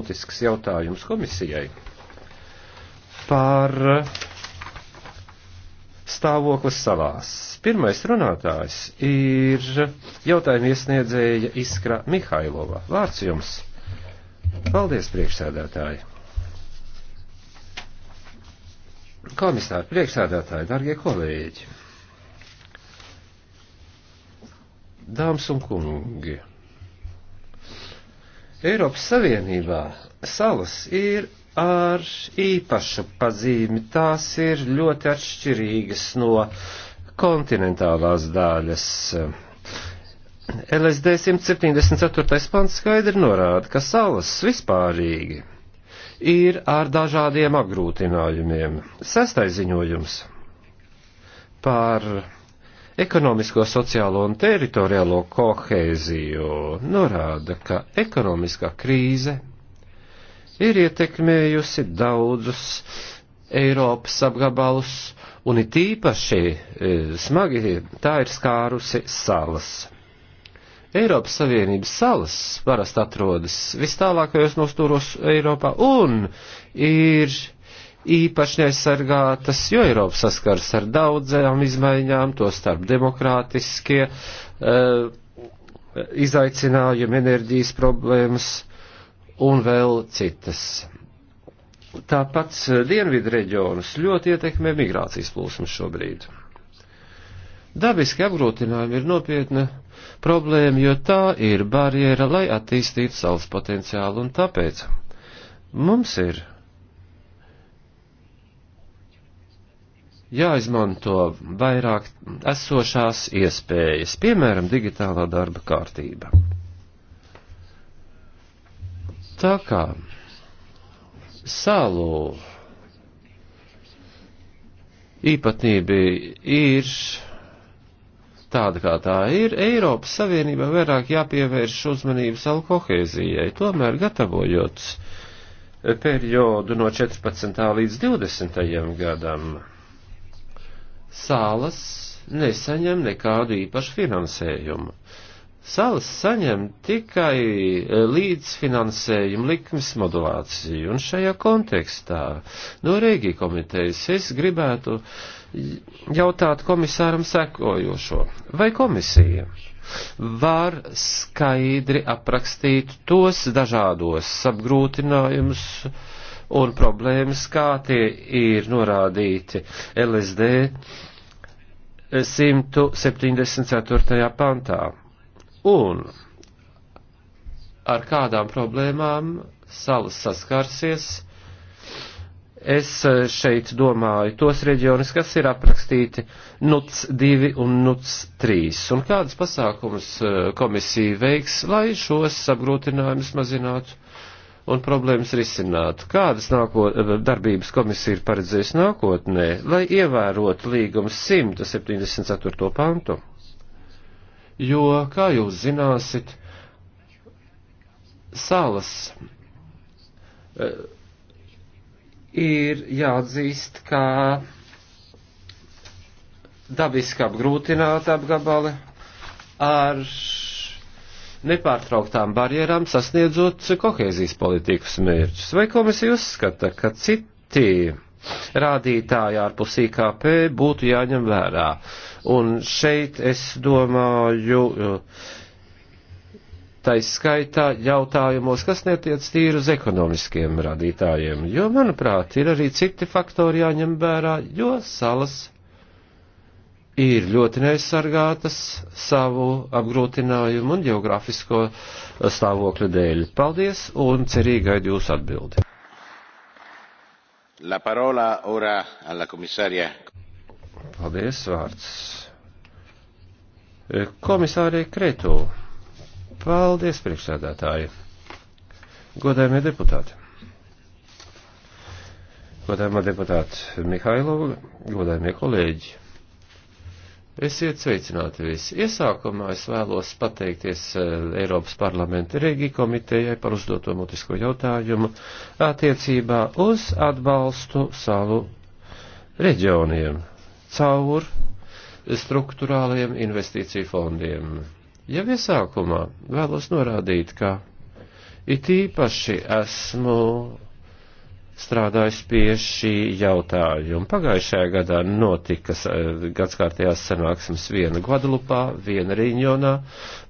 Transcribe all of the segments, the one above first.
būtisks jautājums komisijai par eh, stāvokli salās. Pirmais runātājs ir jautājuma iesniedzēja Iskra Mihailova. Vārds jums. Paldies, priekšsēdētāji. Komisāri, priekšsēdētāji, dargie kolēģi. Dāmas un kungi. Eiropas Savienībā salas ir ar īpašu pazīmi. Tās ir ļoti atšķirīgas no kontinentālās daļas. LSD 174. pants skaidri norāda, ka salas vispārīgi ir ar dažādiem apgrūtinājumiem. Sestais ziņojums par ekonomisko, sociālo un teritoriālo kohēziju, norāda, ka ekonomiskā krīze ir ietekmējusi daudzus Eiropas apgabalus, un it īpaši e, smagi tā ir skārusi salas. Eiropas Savienības salas parasti atrodas vistālākajos nostūros Eiropā un ir īpaši neaizsargātas, jo Eiropa saskars ar daudzām izmaiņām, to starp demokrātiskie uh, izaicinājumi, enerģijas problēmas un vēl citas. Tāpat dienvidu reģionus ļoti ietekmē migrācijas plūsmas šobrīd. Dabiski apgrūtinājumi ir nopietna problēma, jo tā ir barjera, lai attīstītu savus potenciālu, un tāpēc mums ir jāizmanto vairāk esošās iespējas, piemēram, digitālā darba kārtība. Tā kā salu īpatnība ir tāda, kā tā ir, Eiropas Savienībā vairāk jāpievērš uzmanību salu kohēzijai, tomēr gatavojot periodu no 14. līdz 20. gadam salas nesaņem nekādu īpašu finansējumu. Salas saņem tikai e, līdzfinansējumu likmes modulāciju, un šajā kontekstā no Rēgī komitejas es gribētu jautāt komisāram sekojošo. Vai komisija var skaidri aprakstīt tos dažādos apgrūtinājumus, uh, un problēmas, kā tie ir norādīti LSD 174. pantā. Un ar kādām problēmām salas saskarsies. Es šeit domāju tos reģionus, kas ir aprakstīti NUC 2 un NUC 3, un kādas pasākumas eh, komisija veiks, lai šos apgrūtinājumus mazinātu un problēmas risināt. Kādas nākot, eh, darbības komisija ir paredzējusi nākotnē, lai ievērotu līgumu 174. pantu? Jo, kā jūs zināsit, salas eh, ir jāatzīst kā dabiski apgrūtināta apgabali ar nepārtrauktām barjerām sasniedzot kohēzijas politikas mērķus. Vai komisija uzskata, ka citi rādītāji ārpus IKP būtu jāņem vērā? Un šeit es domāju, taisa skaitā jautājumos, kas netiec tīri uz ekonomiskiem rādītājiem, jo, manuprāt, ir arī citi faktori jāņem vērā, jo salas ir ļoti neaizsargātas savu apgrūtinājumu un geogrāfisko stāvokļu dēļ. Paldies un cerīgi gaidu jūsu atbildi. La parola ora alla komisārija. Paldies, vārds. Komisārija Kretu. Paldies, priekšsēdētāji. Godājumie deputāti. Godājumā deputāti Mihailova, godājumie kolēģi. Esiet sveicināti visi. Iesākumā es vēlos pateikties eh, Eiropas parlamenta Rīgī komitejai par uzdoto mutisko jautājumu attiecībā uz atbalstu savu reģioniem caur struktūrāliem investīciju fondiem. Jau iesākumā vēlos norādīt, ka it īpaši esmu strādājis pie šī jautājuma. Pagājušajā gadā notika e, gadskārtējās sanāksmes viena Guadalupā, viena Riņonā,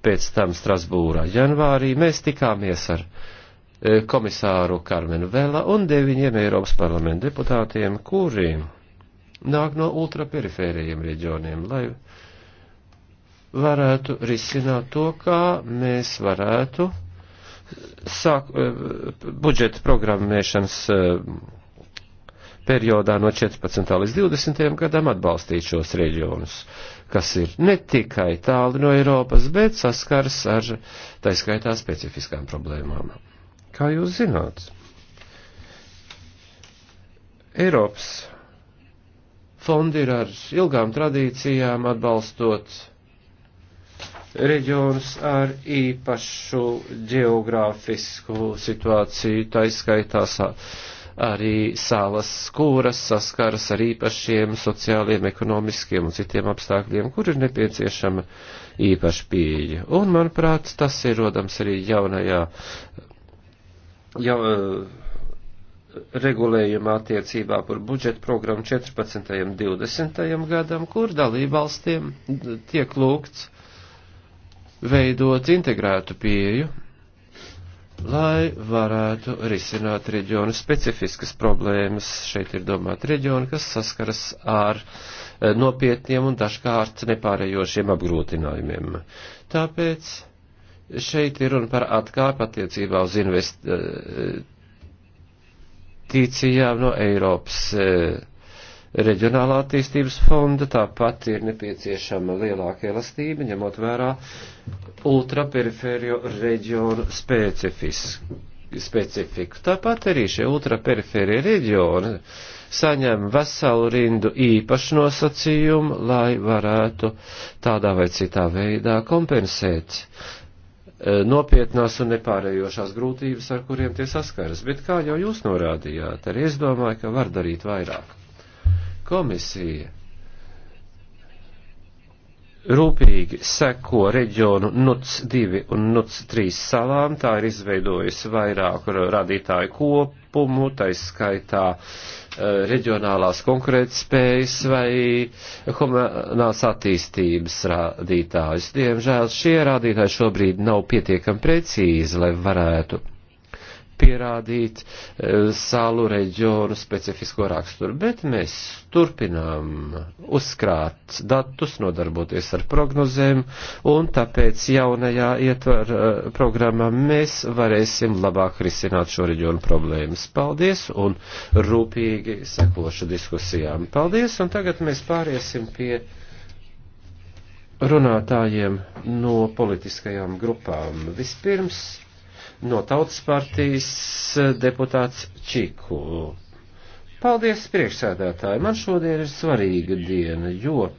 pēc tam Strasbūrā janvārī. Mēs tikāmies ar e, komisāru Karmenu Vela un deviņiem Eiropas parlamenta deputātiem, kuri nāk no ultraperifērajiem reģioniem, lai varētu risināt to, kā mēs varētu sāk, eh, budžeta programmēšanas eh, periodā no 14. līdz 20. gadam atbalstīt šos reģionus, kas ir ne tikai tāli no Eiropas, bet saskars ar taiskaitā specifiskām problēmām. Kā jūs zināt, Eiropas fondi ir ar ilgām tradīcijām atbalstot reģionus ar īpašu geogrāfisku situāciju, taiskaitās arī salas, kuras saskaras ar īpašiem sociāliem, ekonomiskiem un citiem apstākļiem, kur ir nepieciešama īpaša pieeja. Un, manuprāt, tas ir rodams arī jaunajā jau, e, regulējuma attiecībā par budžetu programmu 14. un 20. gadam, kur dalībvalstiem tiek lūgts veidot integrētu pieju, lai varētu risināt reģionu specifiskas problēmas. Šeit ir domāti reģioni, kas saskaras ar eh, nopietniem un dažkārt nepārējošiem apgrūtinājumiem. Tāpēc šeit ir runa par atkāpi attiecībā uz investīcijām no Eiropas eh, reģionālā attīstības fonda, tāpat ir nepieciešama lielāka elastība, ņemot vērā ultraperifērio reģionu specifisku. Specifiku. Tāpat arī šie ultraperifērie reģioni saņem veselu rindu īpašu nosacījumu, lai varētu tādā vai citā veidā kompensēt e, nopietnās un nepārējošās grūtības, ar kuriem tie saskaras. Bet kā jau jūs norādījāt, arī es domāju, ka var darīt vairāk. Komisija rūpīgi seko reģionu NUC 2 un NUC 3 salām. Tā ir izveidojusi vairāku radītāju kopumu, taiskaitā eh, reģionālās konkurētspējas vai humanās attīstības rādītājus. Diemžēl šie rādītāji šobrīd nav pietiekami precīzi, lai varētu pierādīt e, salu reģionu specifisko raksturu, bet mēs turpinām uzkrāt datus, nodarboties ar prognozēm, un tāpēc jaunajā ietver e, programmā mēs varēsim labāk risināt šo reģionu problēmas. Paldies un rūpīgi sekošu diskusijām. Paldies, un tagad mēs pāriesim pie runātājiem no politiskajām grupām. Vispirms no Tautas partijas eh, deputāts Čiku. Paldies, priekšsēdētāji. Man šodien ir svarīga diena, jo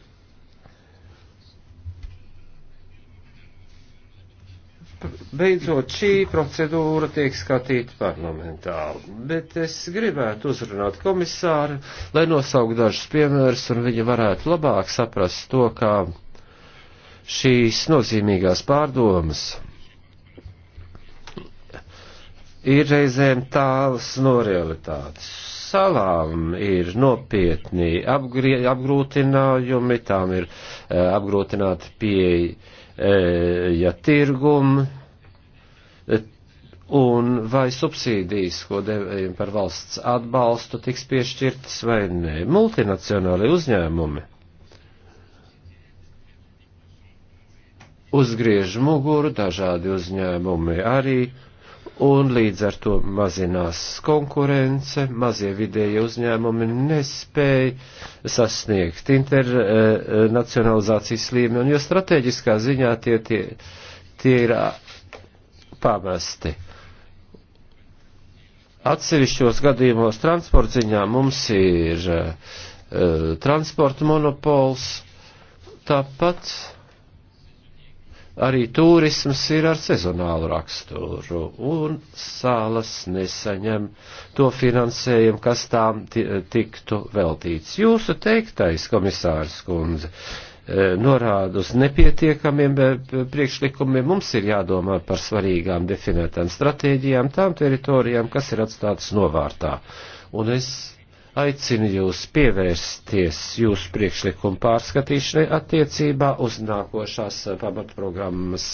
beidzot šī procedūra tiek skatīta parlamentā. Bet es gribētu uzrunāt komisāru, lai nosaukt dažus piemērus un viņa varētu labāk saprast to, kā šīs nozīmīgās pārdomas ir reizēm tāls no realitātes. Salām ir nopietni apgrie, apgrūtinājumi, tām ir uh, eh, apgrūtināti pieeja uh, ja tirgumi, uh, eh, un vai subsīdijas, ko devējam par valsts atbalstu, tiks piešķirtas vai nē. Multinacionāli uzņēmumi uzgriež muguru, dažādi uzņēmumi arī uh, un līdz ar to mazinās konkurence, mazie vidēji uzņēmumi nespēja sasniegt internacionalizācijas līmeni, jo strateģiskā ziņā tie, tie, tie ir pamesti. Atsevišķos gadījumos transporta ziņā mums ir uh, transporta monopols, tāpat arī turisms ir ar sezonālu raksturu, un salas nesaņem to finansējumu, kas tām tiktu veltīts. Jūsu teiktais, komisārs kundze, e, norāda uz nepietiekamiem priekšlikumiem. Mums ir jādomā par svarīgām definētām stratēģijām, tām teritorijām, kas ir atstātas novārtā. Un es aicinu jūs pievērsties jūsu priekšlikumu pārskatīšanai attiecībā uz nākošās eh, pamatprogrammas,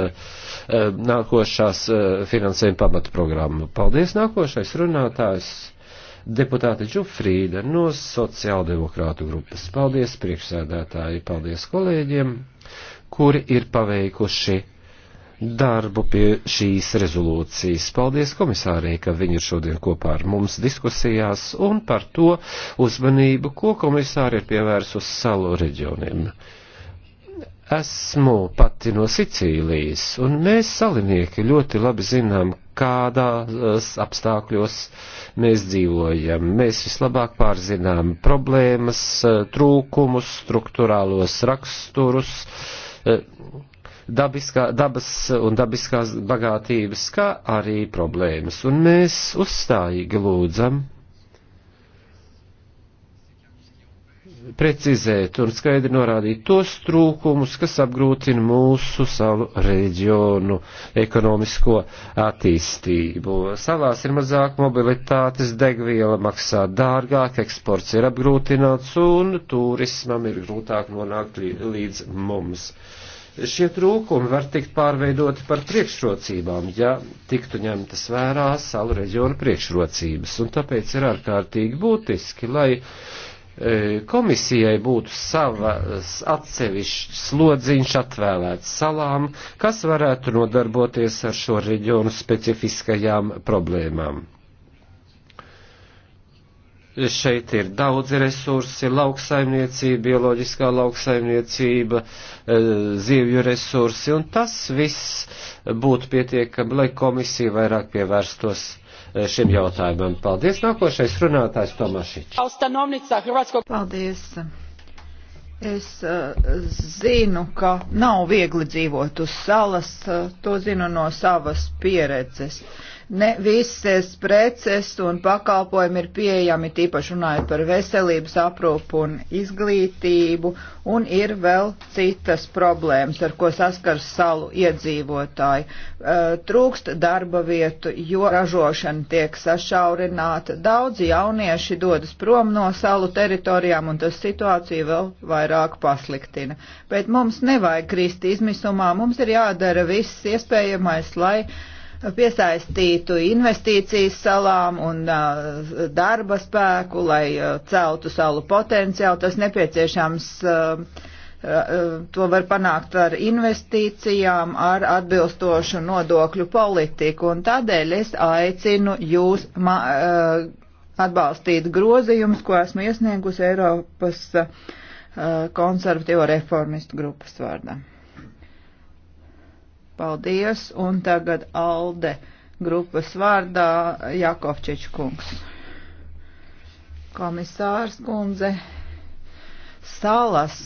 eh, eh, nākošās finansējuma pamatprogrammu. Paldies, nākošais runātājs, deputāte Džufrīda no sociāldemokrātu grupas. Paldies, priekšsēdētāji, paldies kolēģiem, kuri ir paveikuši darbu pie šīs rezolūcijas. Paldies komisārei, ka viņi ir šodien kopā ar mums diskusijās un par to uzmanību, ko komisāri ir pievērsus salu reģioniem. Esmu pati no Sicīlijas, un mēs salinieki ļoti labi zinām, kādās apstākļos mēs dzīvojam. Mēs vislabāk pārzinām problēmas, trūkumus, struktūrālos raksturus, dabiskā, dabas un dabiskās bagātības, kā arī problēmas. Un mēs uzstājīgi lūdzam precizēt un skaidri norādīt tos trūkumus, kas apgrūtina mūsu savu reģionu ekonomisko attīstību. Salās ir mazāk mobilitātes, degviela maksā dārgāk, eksports ir apgrūtināts un turismam ir grūtāk nonākt līdz mums. Šie trūkumi var tikt pārveidoti par priekšrocībām, ja tiktu ņemtas vērā salu reģiona priekšrocības, un tāpēc ir ārkārtīgi būtiski, lai e, komisijai būtu savas atsevišķs slodziņš atvēlēts salām, kas varētu nodarboties ar šo reģionu specifiskajām problēmām šeit ir daudz resursi, lauksaimniecība, bioloģiskā lauksaimniecība, eh, zivju resursi, un tas viss būtu pietiekami, lai komisija vairāk pievērstos eh, šim jautājumam. Paldies, nākošais runātājs Tomašiņš. Paldies. Es uh, zinu, ka nav viegli dzīvot uz salas, uh, to zinu no savas pieredzes. Uh, Ne visas preces un pakalpojumi ir pieejami, tīpaši runājot par veselības aprūpu un izglītību, un ir vēl citas problēmas, ar ko saskars salu iedzīvotāji. Eh, trūkst darba vietu, jo ražošana tiek sašaurināta. Daudz jaunieši dodas prom no salu teritorijām, un tas situācija vēl vairāk pasliktina. Bet mums nevajag krist izmisumā, mums ir jādara viss iespējamais, lai piesaistītu investīcijas salām un darba spēku, lai celtu salu potenciālu. Tas nepieciešams, to var panākt ar investīcijām, ar atbilstošu nodokļu politiku. Un tādēļ es aicinu jūs atbalstīt grozījumus, ko esmu iesniegusi Eiropas konservatīvo reformistu grupas vārdā. Paldies, un tagad Alde grupas vārdā Jakovčeč kungs. Komisārs kundze, salas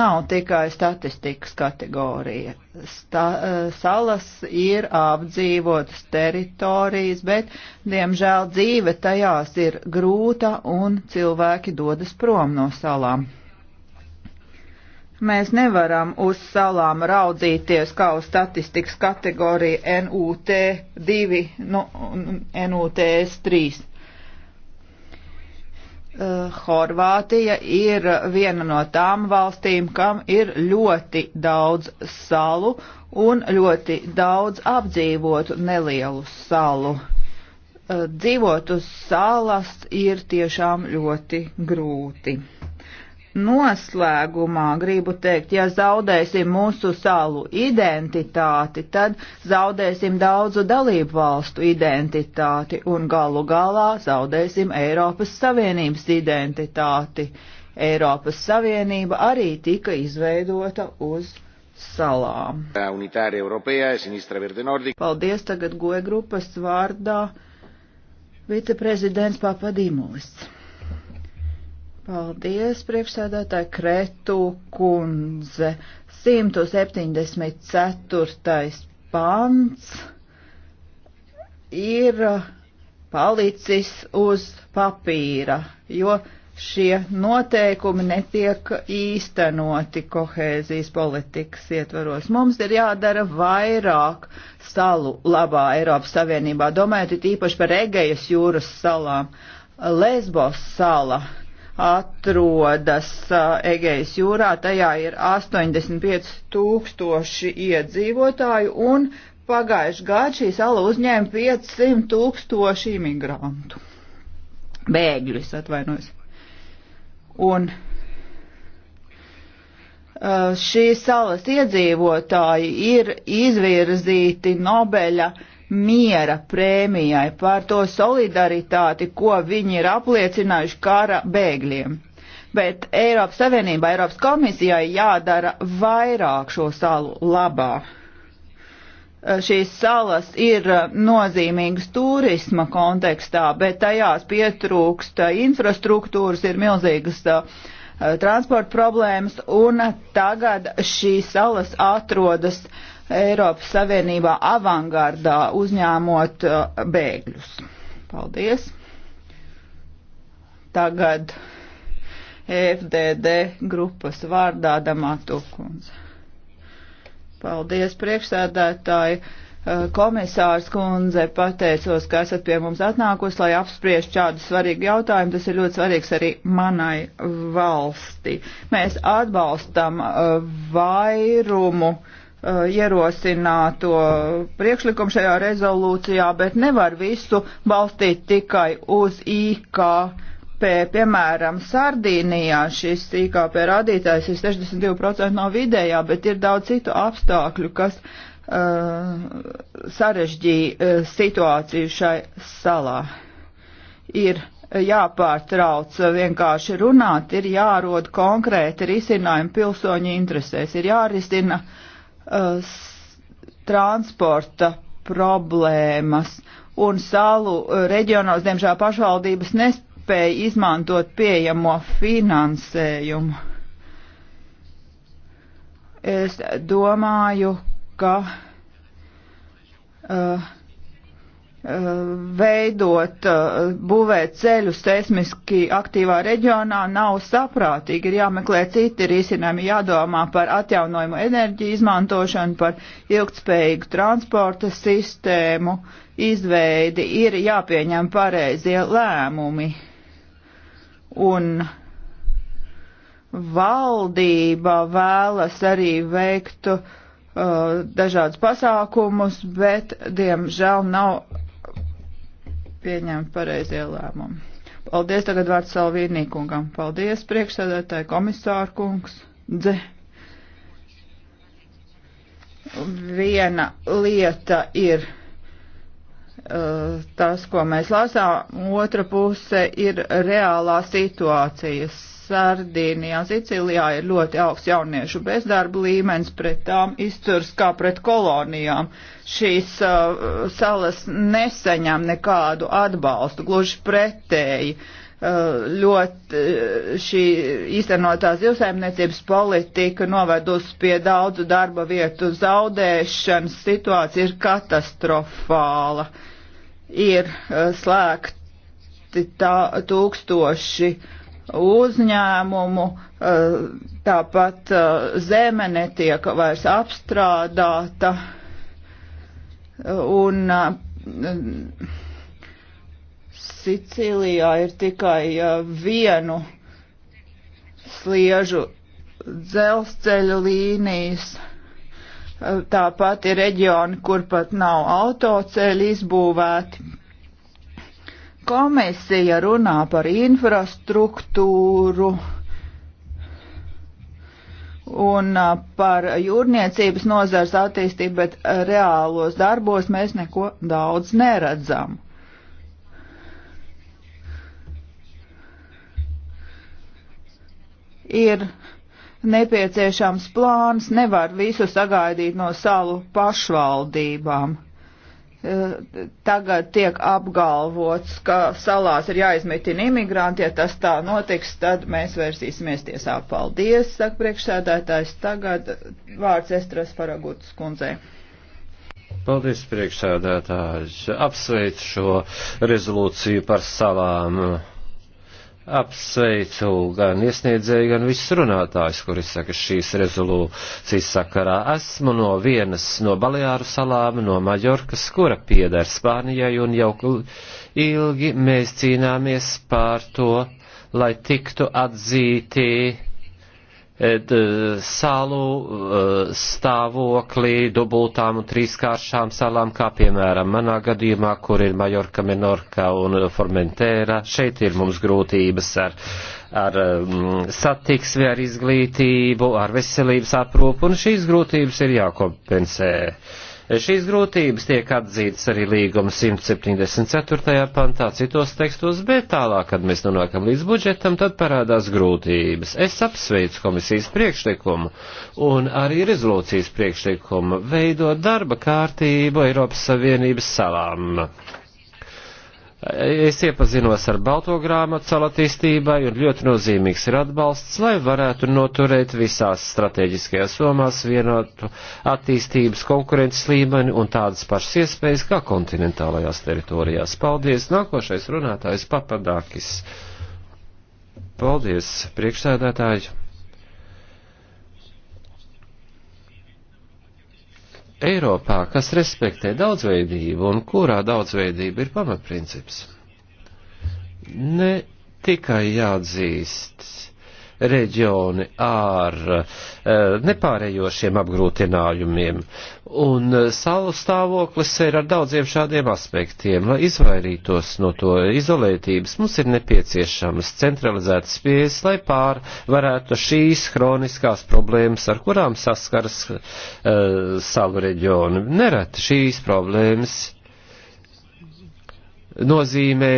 nav tikai statistikas kategorija. Sta, eh, salas ir apdzīvotas teritorijas, bet, diemžēl, dzīve tajās ir grūta un cilvēki dodas prom no salām. Mēs nevaram uz salām raudzīties kā uz statistikas kategoriju NUT 2, nu, NUTS 3. Eh, Horvātija ir viena no tām valstīm, kam ir ļoti daudz salu un ļoti daudz apdzīvotu nelielu salu. Eh, dzīvot uz salas ir tiešām ļoti grūti noslēgumā gribu teikt, ja zaudēsim mūsu salu identitāti, tad zaudēsim daudzu dalību valstu identitāti un galu galā zaudēsim Eiropas Savienības identitāti. Eiropas Savienība arī tika izveidota uz salām. E Paldies tagad goja grupas vārdā viceprezidents Papadimulis. Paldies, priekšsēdētāji Kretu kundze. 174. pants ir palicis uz papīra, jo šie noteikumi netiek īstenoti kohēzijas politikas ietvaros. Mums ir jādara vairāk salu labā Eiropas Savienībā, domājot īpaši par Egejas jūras salām. Lesbos sala atrodas uh, Egejas jūrā. Tajā ir 85 tūkstoši iedzīvotāju un pagājuši gadu šī sala uzņēma 500 tūkstoši imigrantu. Bēgļus atvainojos. Un uh, šīs salas iedzīvotāji ir izvirzīti Nobeļa uh, miera prēmijai, par to solidaritāti, ko viņi ir apliecinājuši kara bēgļiem. Bet Eiropas Savienībā, Eiropas komisijai jādara vairāk šo salu labā. Šīs salas ir nozīmīgas turisma kontekstā, bet tajās pietrūkst infrastruktūras, ir milzīgas uh, transporta problēmas, un tagad šīs salas atrodas uh, Eiropas Savienībā avangardā uzņēmot uh, bēgļus. Paldies! Tagad FDD grupas vārdā Damatu kundze. Paldies, priekšsēdētāji! Uh, komisārs kundze, pateicos, ka esat pie mums atnākusi, lai apspriež šādu svarīgu jautājumu. Tas ir ļoti svarīgs arī manai valsti. Mēs atbalstam uh, vairumu uh, Uh, ierosināto priekšlikumu šajā rezolūcijā, bet nevar visu balstīt tikai uz IKP. Piemēram, Sardīnijā šis IKP rādītājs ir 62% no vidējā, bet ir daudz citu apstākļu, kas uh, sarežģīja uh, situāciju šai salā. Ir jāpārtrauc vienkārši runāt, ir jārod konkrēti risinājumi pilsoņu interesēs, ir jārisina uh, uh, transporta problēmas, un salu uh, reģionos, diemžēl, pašvaldības nespēja izmantot pieejamo finansējumu. Es domāju, ka uh, veidot, eh, būvēt ceļus seismiski aktīvā reģionā nav saprātīgi. Ir jāmeklē citi risinājumi, jādomā par atjaunojumu enerģiju izmantošanu, par ilgtspējīgu transporta sistēmu, izveidi, ir jāpieņem pareizie lēmumi. Un valdība vēlas arī veikt uh, dažādus pasākumus, bet, diemžēl, nav pieņemt pareizie lēmumi. Paldies, tagad vārds Salvīnī kungam. Paldies, priekšsēdētāji komisāru kungs. Dze. Viena lieta ir uh, tas, ko mēs lasām, otra puse ir reālā situācijas Sardīnijā, Sicilijā ir ļoti augsts jauniešu bezdarba līmenis, pret tām izturs kā pret kolonijām. Šīs uh, salas nesaņem nekādu atbalstu, gluži pretēji. Uh, ļoti uh, šī īstenotā zivsaimniecības politika novedusi pie daudzu darba vietu zaudēšanas. Situācija ir katastrofāla. Ir uh, slēgti tā, tūkstoši uh, uzņēmumu, eh, tāpat eh, zeme netiek vairs apstrādāta un eh, Sicīlijā ir tikai vienu sliežu dzelzceļu līnijas. Tāpat ir reģioni, kur pat nav autoceļi izbūvēti. Komisija runā par infrastruktūru un uh, par jūrniecības nozars attīstību, bet reālos darbos mēs neko daudz neredzam. Ir nepieciešams plāns, nevar visu sagaidīt no salu pašvaldībām tagad tiek apgalvots, ka salās ir jāizmetina imigranti, ja tas tā notiks, tad mēs vērsīsimies tiesā. Paldies, saka priekšsēdētājs. Tagad vārds Estras Paragutas kundzei. Paldies, priekšsēdētājs. Apsveicu šo rezolūciju par salām apsveicu gan iesniedzēju, gan visus runātājus, kuri saka šīs rezolūcijas sakarā. Esmu no vienas no Baleāru salām, no Maļorkas, kura pieder Spānijai, un jau ilgi mēs cīnāmies pār to, lai tiktu atzīti E, salu e, stāvokli dubultām un trīskāršām salām, kā piemēram manā gadījumā, kur ir Majorka, Menorka un Formentēra. Šeit ir mums grūtības ar, ar mm, satiksmi, ar izglītību, ar veselības aprūpu, un šīs grūtības ir jākompensē. Uh, Šīs grūtības tiek atzītas arī līguma 174. pantā citos tekstos, bet tālāk, kad mēs nonākam līdz budžetam, tad parādās grūtības. Es apsveicu komisijas priekšlikumu un arī rezolūcijas priekšlikumu veidot darba kārtību Eiropas Savienības salām. Es iepazinos ar balto grāmatu salatīstībai un ļoti nozīmīgs ir atbalsts, lai varētu noturēt visās strateģiskajās somās vienotu attīstības konkurences līmeni un tādas pašas iespējas kā kontinentālajās teritorijās. Paldies! Nākošais runātājs Papadākis. Paldies, priekšsēdētāji! Eiropā, kas respektē daudzveidību un kurā daudzveidība ir pamatprincips, ne tikai jāatzīst reģioni ar eh, nepārējošiem apgrūtinājumiem. Un eh, salu stāvoklis ir ar daudziem šādiem aspektiem. Lai izvairītos no to izolētības, mums ir nepieciešamas centralizētas pieejas, lai pārvarētu šīs hroniskās problēmas, ar kurām saskaras uh, salu reģioni. Nereti šīs problēmas nozīmē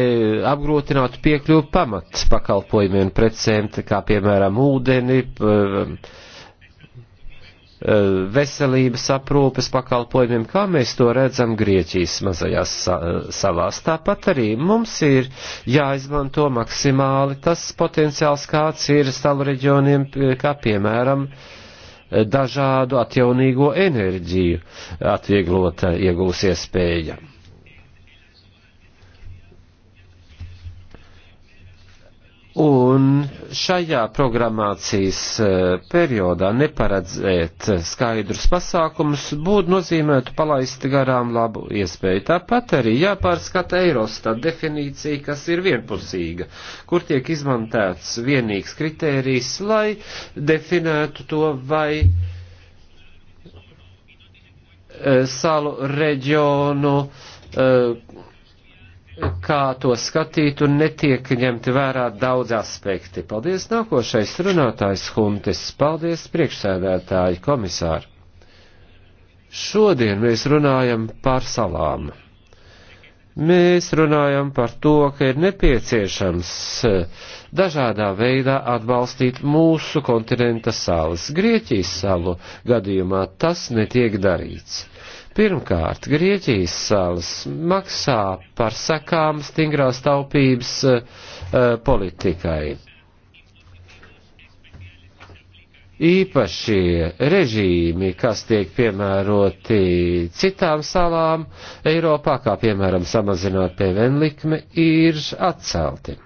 apgrūtinātu piekļuvu pamat pakalpojumiem precēm, kā piemēram ūdeni, um, uh, veselības aprūpes pakalpojumiem, kā mēs to redzam Grieķijas mazajās salās. Tāpat arī mums ir jāizmanto maksimāli tas potenciāls, kāds ir salu reģioniem, kā piemēram dažādu atjaunīgo enerģiju atvieglota iegūs iespēja. Un šajā programmācijas eh, periodā neparedzēt skaidrus pasākumus būtu nozīmētu palaist garām labu iespēju. Tāpat arī jāpārskata Eirostat definīcija, kas ir vienpusīga, kur tiek izmantēts vienīgs kritērijs, lai definētu to, vai eh, salu reģionu eh, kā to skatīt un netiek ņemti vērā daudz aspekti. Paldies nākošais runātājs Huntis, paldies priekšsēdētāji komisāri. Šodien mēs runājam par salām. Mēs runājam par to, ka ir nepieciešams eh, dažādā veidā atbalstīt mūsu kontinenta salas. Grieķijas salu gadījumā tas netiek darīts Pirmkārt, Grieķijas salas maksā par sekām stingrās taupības uh, politikai. Īpašie režīmi, kas tiek piemēroti citām salām Eiropā, kā piemēram samazināt PVN likme, ir atcelti.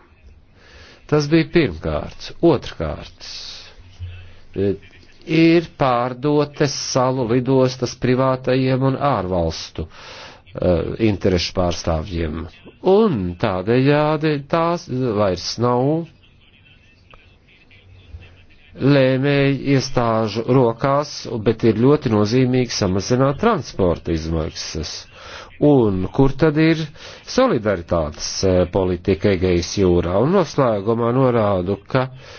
Tas bija pirmkārt. Otrkārt, ir pārdotas salu lidostas privātajiem un ārvalstu uh, interešu pārstāvjiem. Un tādējādi tās vairs nav lēmēji iestāžu rokās, bet ir ļoti nozīmīgi samazināt transporta izmaksas. Un kur tad ir solidaritātes eh, politika Egejas jūrā? Un noslēgumā norādu, ka uh,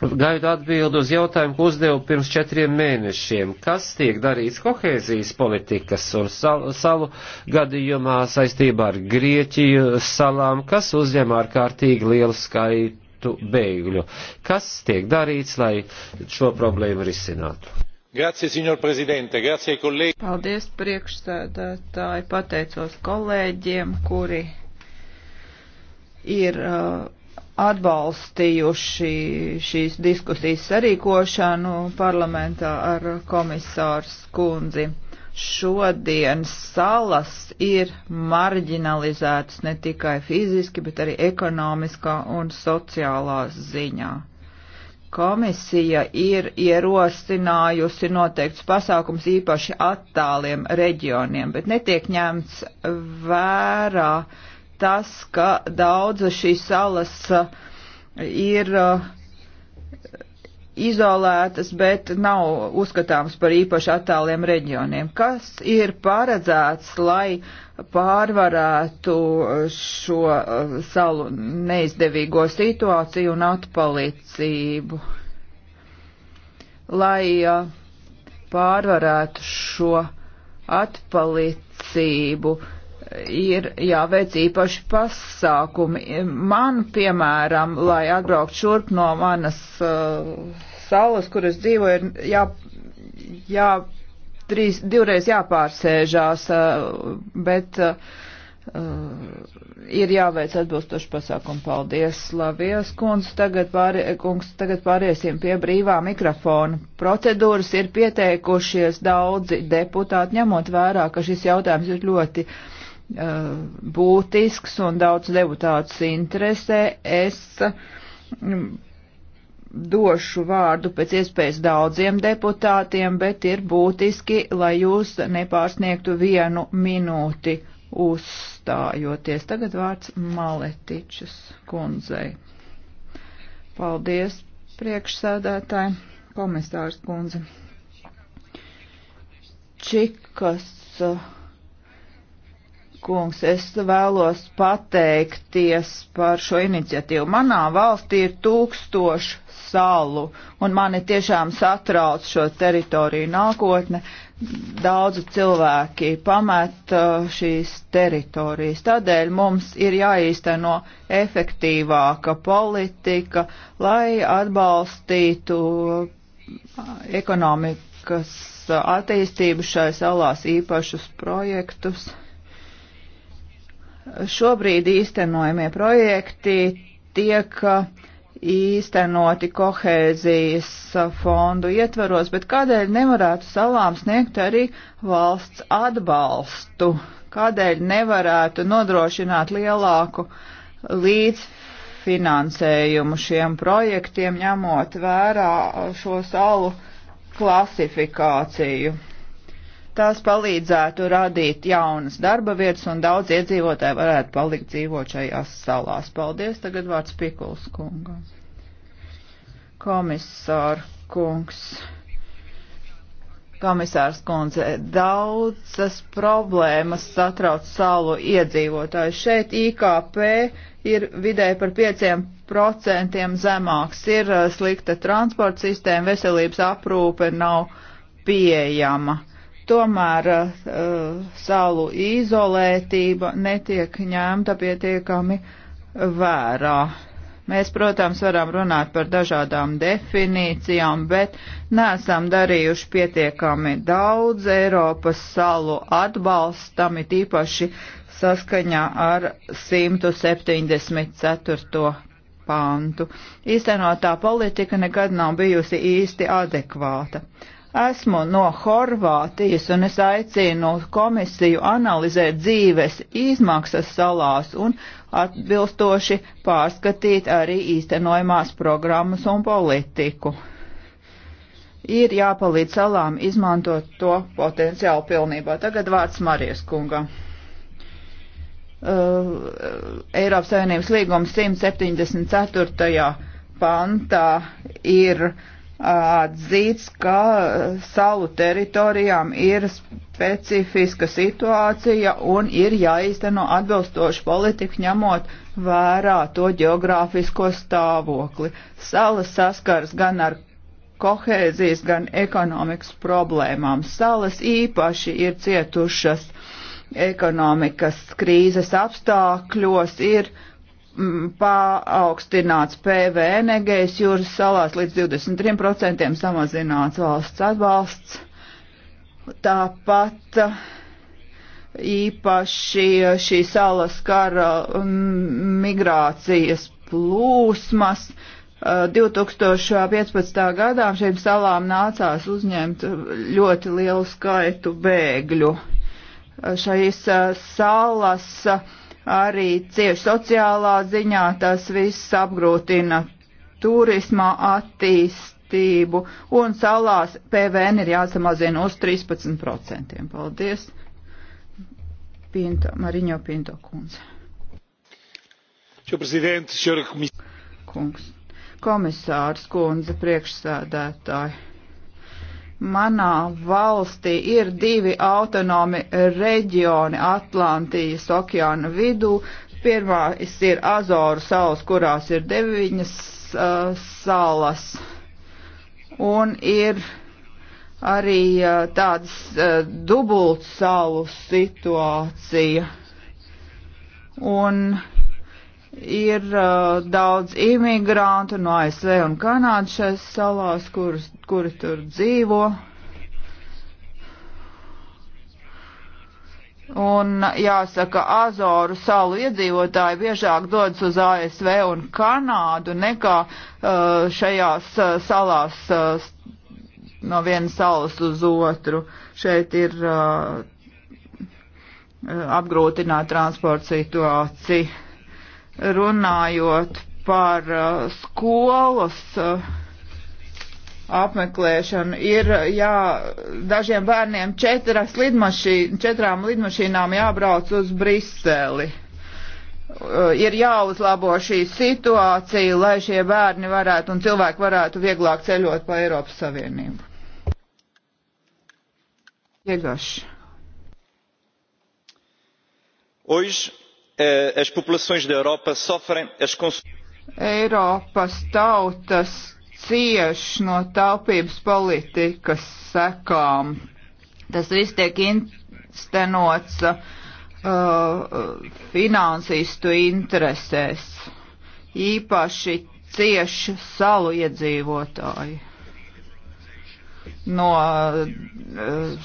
Gaidu atbildu uz jautājumu, ko uzdevu pirms četriem mēnešiem. Kas tiek darīts kohēzijas politikas un salu, salu gadījumā saistībā ar Grieķiju salām, kas uzņem ārkārtīgi lielu skaitu bēgļu? Kas tiek darīts, lai šo problēmu risinātu? Grazie, signor Presidente, grazie, kolēģi. Paldies priekšsēdētāji, pateicos kolēģiem, kuri ir. Uh, atbalstījuši šīs diskusijas sarīkošanu parlamentā ar komisāru skundzi. Šodien salas ir marginalizētas ne tikai fiziski, bet arī ekonomiskā un sociālā ziņā. Komisija ir ierosinājusi noteikts pasākums īpaši attāliem reģioniem, bet netiek ņemts vērā uh, tas, ka daudz šīs salas uh, ir uh, izolētas, bet nav uzskatāms par īpaši attāliem reģioniem. Kas ir paredzēts, lai pārvarētu šo uh, salu neizdevīgo situāciju un atpalicību? Lai pārvarētu šo atpalicību, ir jāveic īpaši pasākumi. Man, piemēram, lai atbraukt šurp no manas uh, salas, kur es dzīvoju, ir jā, jā, trīs, divreiz jāpārsēžās, uh, bet uh, ir jāveic atbilstoši pasākumi. Paldies, Lavies kungs. Tagad, pārie, kungs. tagad pāriesim pie brīvā mikrofona. Procedūras ir pieteikušies daudzi deputāti, ņemot vērā, ka šis jautājums ir ļoti. Uh, Eh, būtisks un daudz deputātus interesē. Es mm, došu vārdu pēc iespējas daudziem deputātiem, bet ir būtiski, lai jūs nepārsniegtu vienu minūti uzstājoties. Tagad vārds Maletičas kundzei. Paldies, priekšsēdētāji, komisārs kundze. Čikas. Uh, kungs, es vēlos pateikties par šo iniciatīvu. Manā valstī ir tūkstoši salu, un mani tiešām satrauc šo teritoriju nākotne. Daudzi cilvēki pamet uh, šīs teritorijas. Tādēļ mums ir jāīsteno efektīvāka politika, lai atbalstītu uh, ekonomikas uh, attīstību šai salās īpašus projektus Šobrīd īstenojamie projekti tiek uh, īstenoti kohēzijas uh, fondu ietvaros, bet kādēļ nevarētu salām sniegt arī valsts atbalstu? Kādēļ nevarētu nodrošināt lielāku līdzfinansējumu šiem projektiem, ņemot vērā uh, šo salu klasifikāciju? Tas palīdzētu radīt jaunas darba vietas un daudz iedzīvotāji varētu palikt dzīvot šajās salās. Paldies, tagad vārds Pikuls kungam. Komisār kungs. Komisārs kundze, daudzas problēmas satrauc salu iedzīvotāju. Šeit IKP ir vidēji par 5% zemāks, ir uh, slikta transporta sistēma, veselības aprūpe nav pieejama. Tomēr uh, salu izolētība netiek ņemta pietiekami vērā. Mēs, protams, varam runāt par dažādām definīcijām, bet nesam darījuši pietiekami daudz Eiropas salu atbalstam, it īpaši saskaņā ar 174. pāntu. Īstenotā politika nekad nav bijusi īsti adekvāta. Esmu no Horvātijas un es aicinu komisiju analizēt dzīves izmaksas salās un atbilstoši pārskatīt arī īstenojumās programmas un politiku. Ir jāpalīdz salām izmantot to potenciālu pilnībā. Tagad vārds Marijas kungam. Uh, Eiropas Savienības līguma 174. pantā ir atzīts, ka salu teritorijām ir specifiska situācija un ir jāizteno atbilstoši politika ņemot vērā to geogrāfisko stāvokli. Salas saskars gan ar kohēzijas, gan ekonomikas problēmām. Salas īpaši ir cietušas ekonomikas krīzes apstākļos, ir uh, Mm, paaugstināts PVN Egejas jūras salās līdz 23%, samazināts valsts atbalsts. Tāpat uh, īpaši uh, šī salas kara uh, migrācijas plūsmas. 2015. gadā šīm salām nācās uzņemt ļoti lielu skaitu bēgļu. Šīs salas uh, arī cieši sociālā ziņā, tas viss apgrūtina turisma attīstību, un salās PVN ir jāsamazina uz 13%. Paldies, Pinto, Mariņo Pinto kundze. Kungs, komisārs kundze, priekšsēdētāji Manā valstī ir divi autonomi reģioni Atlantijas okeāna vidū. Pirmais ir Azoru salas, kurās ir deviņas uh, salas. Un ir arī uh, tādas uh, dubultsalu situācija. Un uh, ir uh, daudz imigrantu no ASV un Kanādas šajās salās, kuras, kuri tur dzīvo. Un jāsaka, Azoru salu iedzīvotāji biežāk dodas uz ASV un Kanādu nekā uh, šajās uh, salās uh, no vienas salas uz otru. Šeit ir uh, uh apgrūtināt transporta situāciju runājot par uh, skolas uh, apmeklēšanu. Ir jā, dažiem bērniem četras lidmašīn, četrām lidmašīnām jābrauc uz Briseli. Uh, ir jāuzlabo šī situācija, lai šie bērni varētu un cilvēki varētu vieglāk ceļot pa Eiropas Savienību. Iegaši. Hoje Eh, as populações da Europa sofrem as consequências. Eiropas tautas cieš no taupības politikas sekām. Tas viss tiek instenots uh, finansistu interesēs. Īpaši cieši salu iedzīvotāji no uh,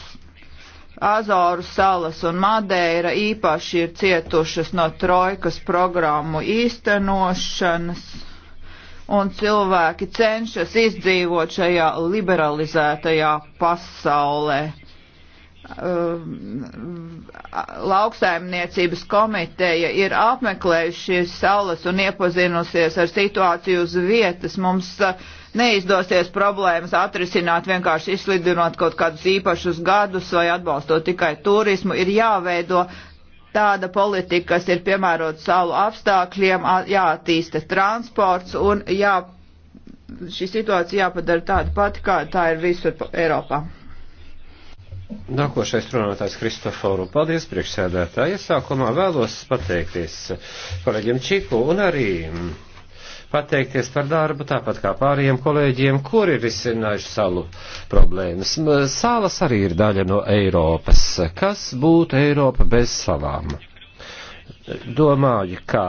Azoru salas un Madeira īpaši ir cietušas no trojkas programmu īstenošanas, un cilvēki cenšas izdzīvot šajā liberalizētajā pasaulē. Um, lauksaimniecības komiteja ir apmeklējuši šīs salas un iepazinusies ar situāciju uz vietas. Mums uh, neizdosies problēmas atrisināt vienkārši izslidinot kaut kādus īpašus gadus vai atbalstot tikai turismu. Ir jāveido tāda politika, kas ir piemērota salu apstākļiem, jāattīsta transports un jā, šī situācija jāpadara tāda pati, kā tā ir visur Eiropā. Nākošais runātājs Kristoforu. Paldies, priekšsēdētāji. Iesākumā vēlos pateikties kolēģiem Čiku un arī pateikties par darbu, tāpat kā pārējiem kolēģiem, kuri ir izcinājuši salu problēmas. Salas arī ir daļa no Eiropas. Kas būtu Eiropa bez salām? Domāju, ka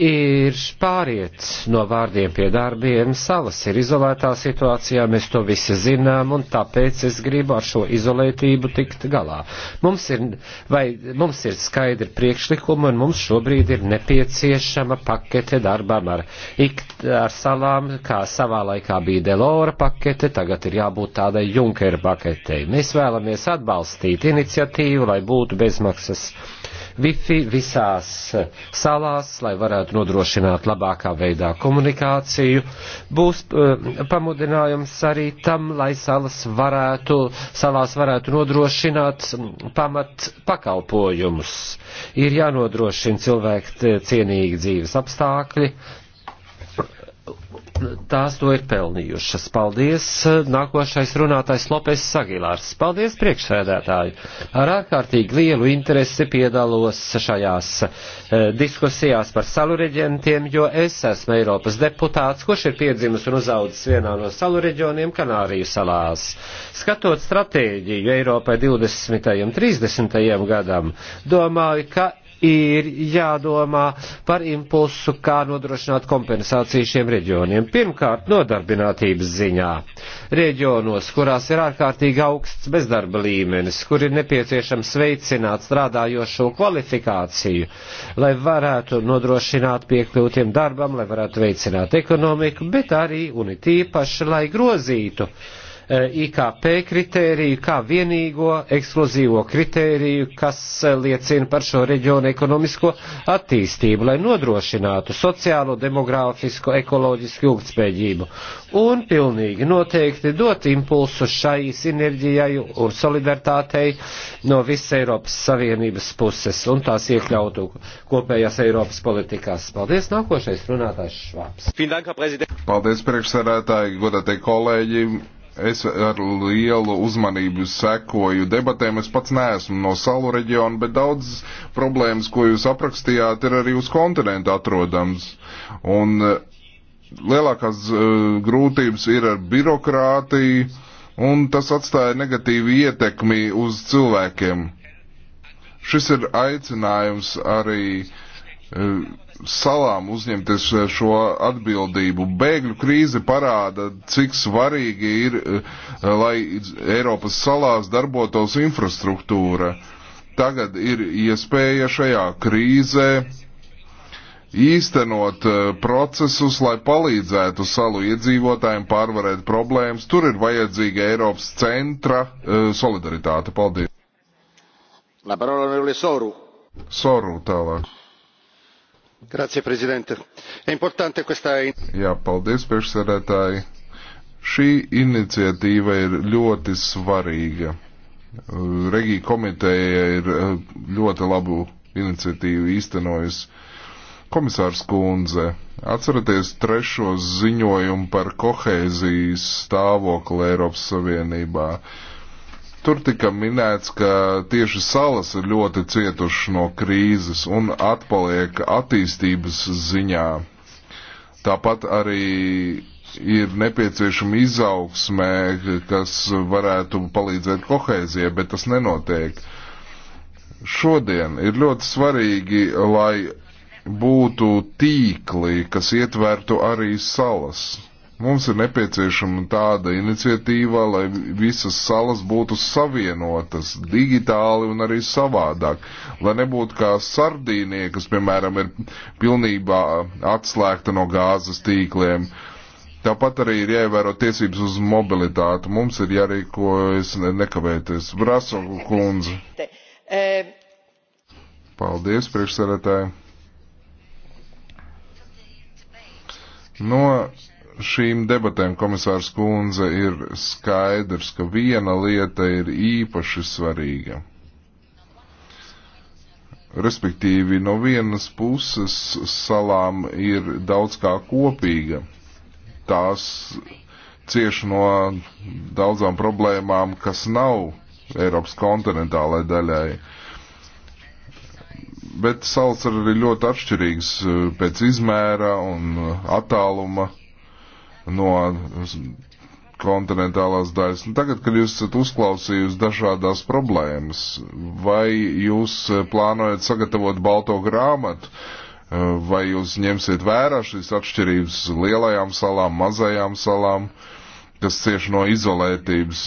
ir pāriet no vārdiem pie darbiem, salas ir izolētā situācijā, mēs to visi zinām, un tāpēc es gribu ar šo izolētību tikt galā. Mums ir, vai, mums ir skaidri priekšlikumi, un mums šobrīd ir nepieciešama pakete darbam ar, ik, ar salām, kā savā laikā bija Delora pakete, tagad ir jābūt tādai Junkera paketei. Mēs vēlamies atbalstīt iniciatīvu, lai būtu bezmaksas wifi visās eh, salās, lai varētu nodrošināt labākā veidā komunikāciju. Būs eh, pamudinājums arī tam, lai salas varētu, salās varētu nodrošināt mm, pamat pakalpojumus. Ir jānodrošina cilvēku cienīgi dzīves apstākļi Tās to ir pelnījušas. Paldies. Eh, nākošais runātājs Lopes Sagilārs. Paldies priekšsēdētāju. Ar ārkārtīgi lielu interesi piedalos šajās eh, diskusijās par salu reģentiem, jo es esmu Eiropas deputāts, kurš ir piedzimis un uzaudzis vienā no salu reģioniem Kanāriju salās. Skatot stratēģiju Eiropai 20. un 30. gadam, domāju, ka ir jādomā par impulsu, kā nodrošināt kompensāciju šiem reģioniem. Pirmkārt, nodarbinātības ziņā. Reģionos, kurās ir ārkārtīgi augsts bezdarba līmenis, kur ir nepieciešams veicināt strādājošo kvalifikāciju, lai varētu nodrošināt piekļūtiem darbam, lai varētu veicināt ekonomiku, bet arī un it īpaši, lai grozītu Eh, IKP kritēriju kā vienīgo ekskluzīvo kritēriju, kas eh, liecina par šo reģionu ekonomisko attīstību, lai nodrošinātu sociālo, demogrāfisko, ekoloģisku ilgtspējību un pilnīgi noteikti dot impulsu šai sinerģijai un solidaritātei no visas Eiropas Savienības puses un tās iekļautu kopējās Eiropas politikās. Paldies, nākošais runātājs Švāps. Paldies, priekšsarētāji, godātie kolēģi Es ar lielu uzmanību sekoju debatēm. Es pats neesmu no salu reģiona, bet daudz problēmas, ko jūs aprakstījāt, ir arī uz kontinentu atrodams. Un eh, lielākās uh, grūtības ir ar birokrātiju, un tas atstāja negatīvu ietekmi uz cilvēkiem. Šis ir aicinājums arī uh, Eh, salām uzņemties eh, šo atbildību. Bēgļu krīze parāda, cik svarīgi ir, eh, lai Eiropas salās darbotos infrastruktūra. Tagad ir iespēja šajā krīzē īstenot procesus, lai palīdzētu salu iedzīvotājiem pārvarēt problēmas. Tur ir vajadzīga Eiropas centra solidaritāte. Paldies! La parola onorevole Soru. Soru tālāk. Grazie, prezidente. Importante questa... Jā, paldies, priekšsēdētāji. Šī iniciatīva ir ļoti svarīga. Regija komiteja ir eh, ļoti labu iniciatīvu īstenojusi. Komisārs Kunze, atceraties trešo ziņojumu par kohēzijas stāvokli Eiropas Savienībā. Uh, Tur tika minēts, ka tieši salas ir ļoti cietušas no krīzes un atpaliek attīstības ziņā. Tāpat arī ir nepieciešama izaugsmē, kas varētu palīdzēt kohēzijai, bet tas nenotiek. Šodien ir ļoti svarīgi, lai būtu tīkli, kas ietvertu arī salas Mums ir nepieciešama tāda iniciatīva, lai visas salas būtu savienotas digitāli un arī savādāk. Lai nebūtu kā sardīnie, kas, piemēram, ir pilnībā atslēgta no gāzes tīkliem. Tāpat arī ir jāievēro tiesības uz mobilitāti. Mums ir jārīkojas nekavēties. Braso kundze. E, Paldies, priekšsēdētāji. No šīm debatēm, komisārs Kunze, ir skaidrs, ka viena lieta ir īpaši svarīga. Respektīvi, no vienas puses salām ir daudz kā kopīga. Tās cieši no daudzām problēmām, kas nav Eiropas kontinentālai daļai. Bet salas ir arī ļoti atšķirīgas eh, pēc izmēra un eh, attāluma no kontinentālās daļas. Nu, tagad, kad jūs esat uzklausījusi dažādās problēmas, vai jūs plānojat sagatavot balto grāmatu, vai jūs ņemsiet vērā šīs atšķirības lielajām salām, mazajām salām, kas cieši no izolētības?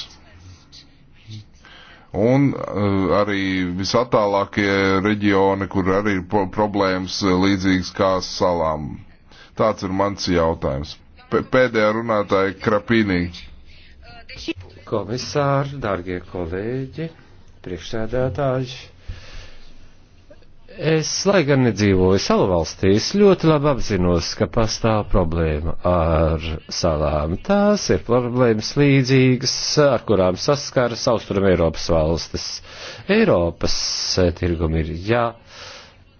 Un eh, arī visatālākie reģioni, kur arī ir problēmas līdzīgas kā salām. Tāds ir mans jautājums pēdējā runātāja Krapīnī. Komisāri, dārgie kolēģi, priekšsēdētāji. Es, lai gan nedzīvoju salu valstīs, ļoti labi apzinos, ka pastāv problēma ar salām. Tās ir problēmas līdzīgas, ar kurām saskaras Austrum Eiropas valstis. Eiropas eh, tirgum ir jā. Ja,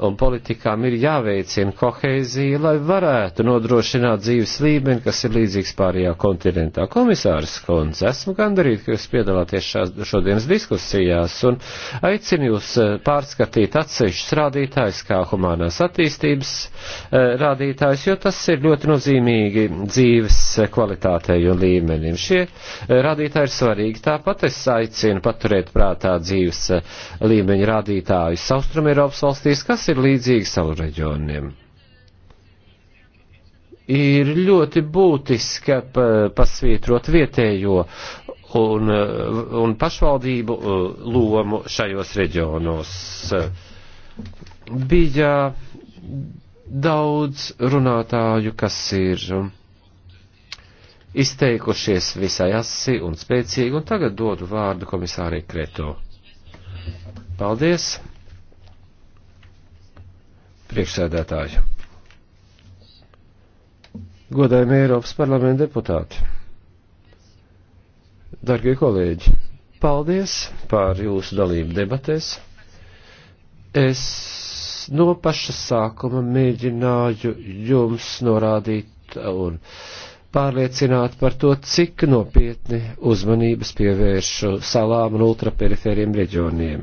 un politikām ir jāveicina kohēzija, lai varētu nodrošināt dzīves līmeni, kas ir līdzīgs pārējā kontinentā. Komisārs Kundze, esmu gandarīti, ka jūs piedalāties šās, šodienas diskusijās un aicinu jūs eh, pārskatīt atsevišķus rādītājus, kā humanās attīstības eh, rādītājus, jo tas ir ļoti nozīmīgi dzīves kvalitātei un līmenim. Šie eh, rādītāji ir svarīgi. Tāpat es aicinu paturēt prātā dzīves līmeņa rādītājus Austrum Eiropas valstīs, kas kas ir līdzīgi salu reģioniem. Ir ļoti būtiski pasvītrot vietējo un, un pašvaldību uh, lomu šajos reģionos. Bija daudz runātāju, kas ir izteikušies visai asi un spēcīgi, un tagad dodu vārdu komisārai Kreto. Paldies! priekšsēdētāju. Godājumi Eiropas parlamenta deputāti. Dargie kolēģi, paldies par jūsu dalību debatēs. Es no paša sākuma mēģināju jums norādīt un pārliecināti par to, cik nopietni uzmanības pievēršu salām un ultraperifēriem reģioniem.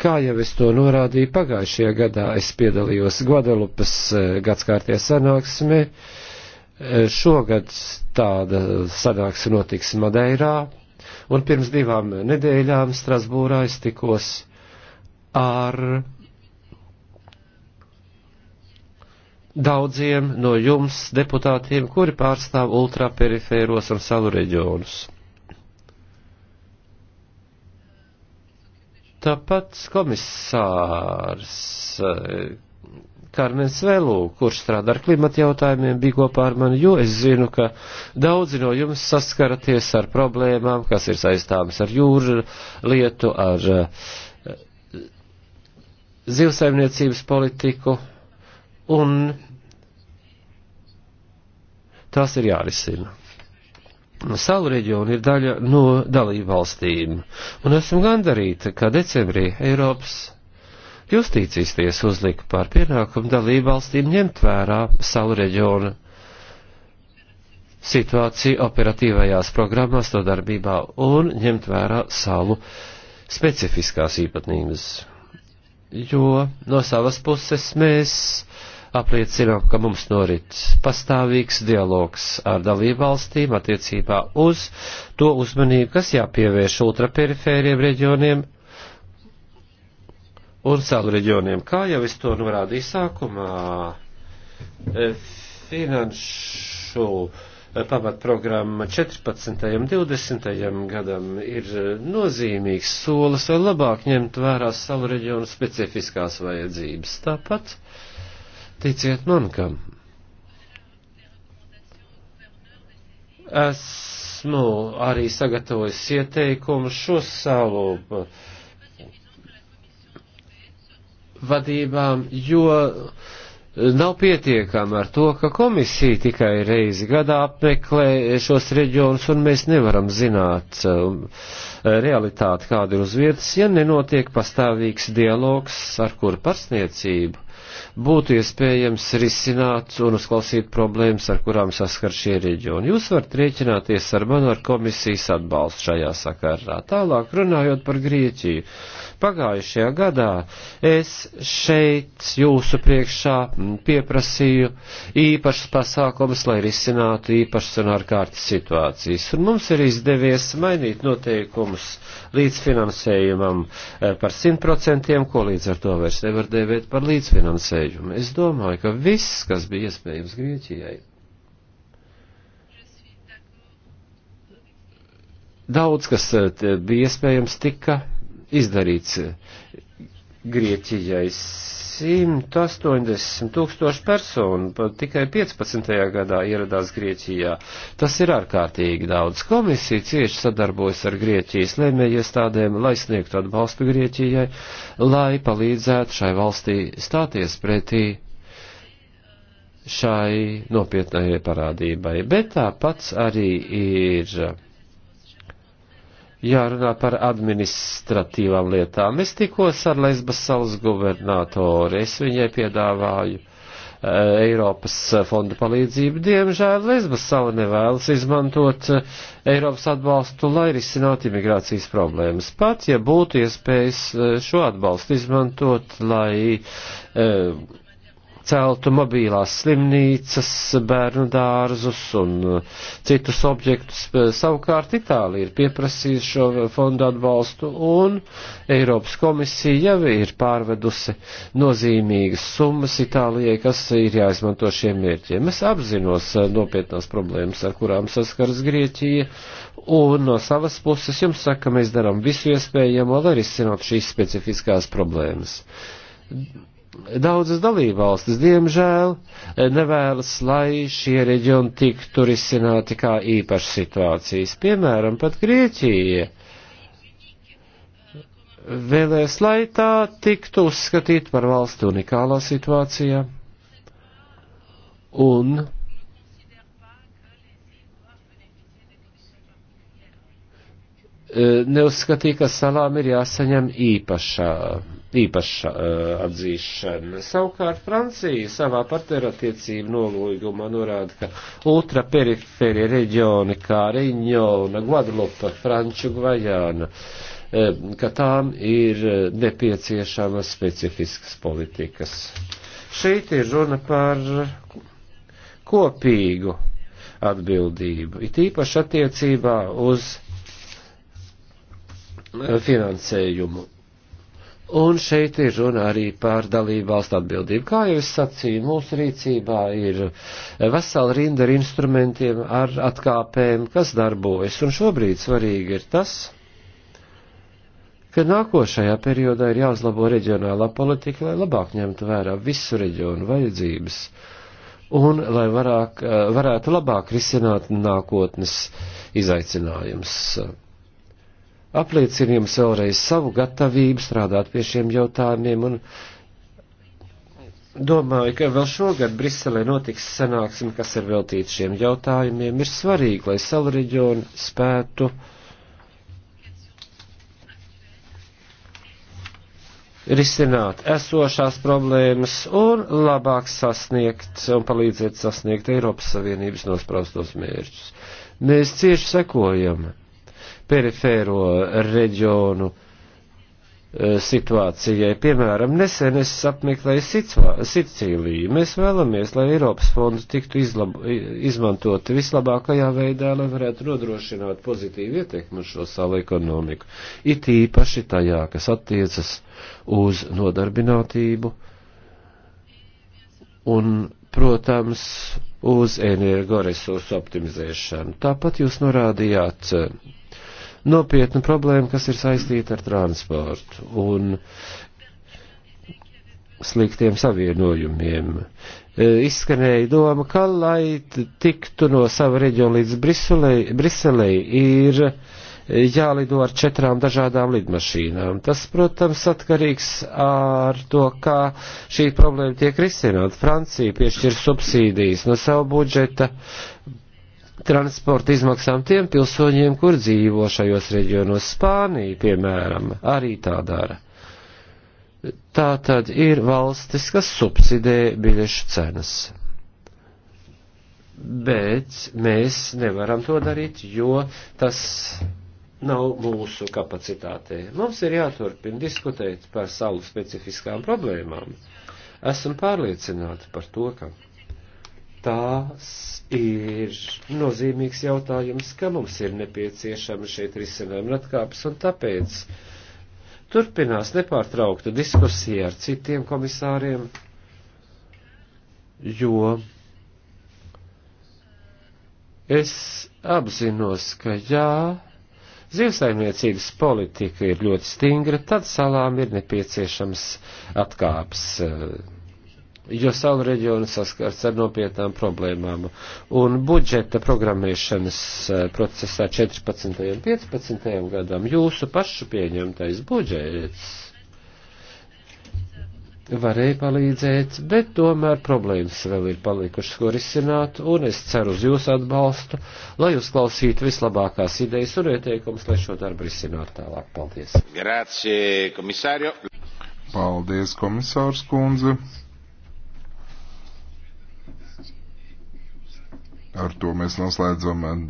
Kā jau es to norādīju pagājušajā gadā, es piedalījos Guadalupas eh, gadskārtie sanāksmē. Eh, šogad tāda sanāksme notiks Madeirā, un pirms divām nedēļām Strasbūrā es tikos ar daudziem no jums deputātiem, kuri pārstāv ultraperifēros un salu reģionus. Tāpat komisārs eh, Karmens Velu, kurš strādā ar klimata jautājumiem, bija kopā ar mani, jo es zinu, ka daudzi no jums saskaraties ar problēmām, kas ir saistāmas ar jūru lietu, ar eh, zivsaimniecības politiku, Un tās ir jārisina. Salu reģiona ir daļa no dalību valstīm, un esam gandarīti, ka decembrī Eiropas justīcijas tiesa uzlika par pienākumu dalību valstīm ņemt vērā salu reģiona situāciju operatīvajās programmās to darbībā un ņemt vērā salu specifiskās īpatnības. Jo no savas puses mēs apliecinām, ka mums norit pastāvīgs dialogs ar dalībvalstīm attiecībā uz to uzmanību, kas jāpievērš ultraperifēriem reģioniem un salu reģioniem. Kā jau es to norādīju sākumā, eh, finanšu eh, pamatprogramma 14. un 20. gadam ir eh, nozīmīgs solis, lai labāk ņemt vērā salu reģionu specifiskās vajadzības. Tāpat Ticiet man, ka esmu arī sagatavojis ieteikumu šo savu vadībām, jo nav pietiekami ar to, ka komisija tikai reizi gadā apmeklē šos reģionus, un mēs nevaram zināt um, realitāti, kāda ir uz vietas, ja nenotiek pastāvīgs dialogs ar kuru parsniecību būtu iespējams risināt un uzklausīt problēmas, ar kurām saskar šie reģioni. Jūs varat rēķināties ar manu ar komisijas atbalstu šajā sakarā. Tālāk runājot par Grieķiju. Pagājušajā gadā es šeit jūsu priekšā pieprasīju īpašas pasākumas, lai risinātu īpašas un ārkārtas situācijas. Un mums ir izdevies mainīt noteikumus līdzfinansējumam eh, par 100%, ko līdz ar to vairs nevar dēvēt par līdzfinansējumu finansējumu. Es domāju, ka viss, kas bija iespējams Grieķijai, daudz kas eh, bija iespējams tika izdarīts eh, Grieķijai 180 tūkstoši personu tikai 15. gadā ieradās Grieķijā. Tas ir ārkārtīgi daudz. Komisija cieši sadarbojas ar Grieķijas lēmējiestādēm, lai sniegtu atbalstu Grieķijai, lai palīdzētu šai valstī stāties pretī šai nopietnējai parādībai. Bet tāpats arī ir jārunā par administratīvām lietām. Es tikos ar Lesbas salas gubernatoru, es viņai piedāvāju eh, Eiropas fonda palīdzību. Diemžēl Lesbas sala nevēlas izmantot eh, Eiropas atbalstu, lai risinātu imigrācijas problēmas. Pat, ja būtu iespējas eh, šo atbalstu izmantot, lai eh, celtu mobilās slimnīcas, bērnu dārzus un uh, citus objektus. Savukārt Itālija ir pieprasījusi šo fondu atbalstu un Eiropas komisija jau ir pārvedusi nozīmīgas summas Itālijai, kas ir jāizmanto šiem mērķiem. Es apzinos uh, nopietnās problēmas, ar kurām saskaras Grieķija, un no savas puses jums saka, mēs darām visu iespējamo, lai risinātu šīs specifiskās problēmas. Daudzas dalībvalstis, diemžēl, nevēlas, lai šie reģioni tiktu risināti kā īpašas situācijas. Piemēram, pat Grieķija vēlēs, lai tā tiktu uzskatīta par valsti unikālā situācijā. Un neuzskatīja, ka salām ir jāsaņem īpašā īpaša uh, atzīšana. Savukārt Francija savā partnerattiecību nolūgumā norāda, ka ultraperiferie reģioni kā Reņona, Guadalupa, Franču Gvajāna, uh, ka tām ir eh, nepieciešamas specifiskas politikas. Šeit ir runa par kopīgu atbildību, it īpaši attiecībā uz finansējumu Un šeit ir runa arī par dalību valstu atbildību. Kā jau es sacīju, mūsu rīcībā ir vesela rinda ar instrumentiem, ar atkāpēm, kas darbojas. Un šobrīd svarīgi ir tas, ka nākošajā periodā ir jāuzlabo reģionālā politika, lai labāk ņemtu vērā visu reģionu vajadzības un lai varāk, eh, varētu labāk risināt nākotnes izaicinājumus apliecina jums vēlreiz savu gatavību strādāt pie šiem jautājumiem un domāju, ka vēl šogad Briselē notiks sanāksme, kas ir veltīta šiem jautājumiem. Ir svarīgi, lai salu reģionu spētu risināt esošās problēmas un labāk sasniegt un palīdzēt sasniegt Eiropas Savienības nospraustos mērķus. Mēs cieši sekojam perifēro reģionu e, situācijai. Piemēram, nesen es apmeklēju Sicīliju. Mēs vēlamies, lai Eiropas fondu tiktu izlab, izmantot vislabākajā veidā, lai varētu nodrošināt pozitīvu ietekmi uz šo salu ekonomiku. It īpaši tajā, kas attiecas uz nodarbinātību un, protams, uz energoresursu optimizēšanu. Tāpat jūs norādījāt nopietnu problēmu, kas ir saistīta ar transportu un sliktiem savienojumiem. E, izskanēja doma, ka, lai tiktu no sava reģiona līdz Briselei, ir jālido ar četrām dažādām lidmašīnām. Tas, protams, atkarīgs ar to, kā šī problēma tiek risināta. Francija piešķir subsīdijas no sava budžeta transporta izmaksām tiem pilsoņiem, kur dzīvo šajos reģionos. Spānija, piemēram, arī tā dara. Tā tad ir valstis, kas subsidē biļešu cenas. Bet mēs nevaram to darīt, jo tas nav mūsu kapacitātē. Mums ir jāturpina diskutēt par savu specifiskām problēmām. Esam pārliecināti par to, ka tās ir nozīmīgs jautājums, ka mums ir nepieciešama šeit risinājuma atkāpes, un tāpēc turpinās nepārtraukta diskusija ar citiem komisāriem, jo es apzinos, ka jā, zivsaimniecības politika ir ļoti stingra, tad salām ir nepieciešams atkāpes. Uh, jo salu reģiona saskars ar nopietnām problēmām. Un budžeta programmēšanas e, procesā 14. un 15. gadam jūsu pašu pieņemtais budžets varēja palīdzēt, bet tomēr problēmas vēl ir palikušas, ko risināt, un es ceru uz jūsu atbalstu, lai uzklausītu vislabākās idejas un ieteikumus, lai šo darbu risinātu tālāk. Paldies! Grazie, komisārio! Paldies, komisārs kundze! Ar to mēs noslēdzam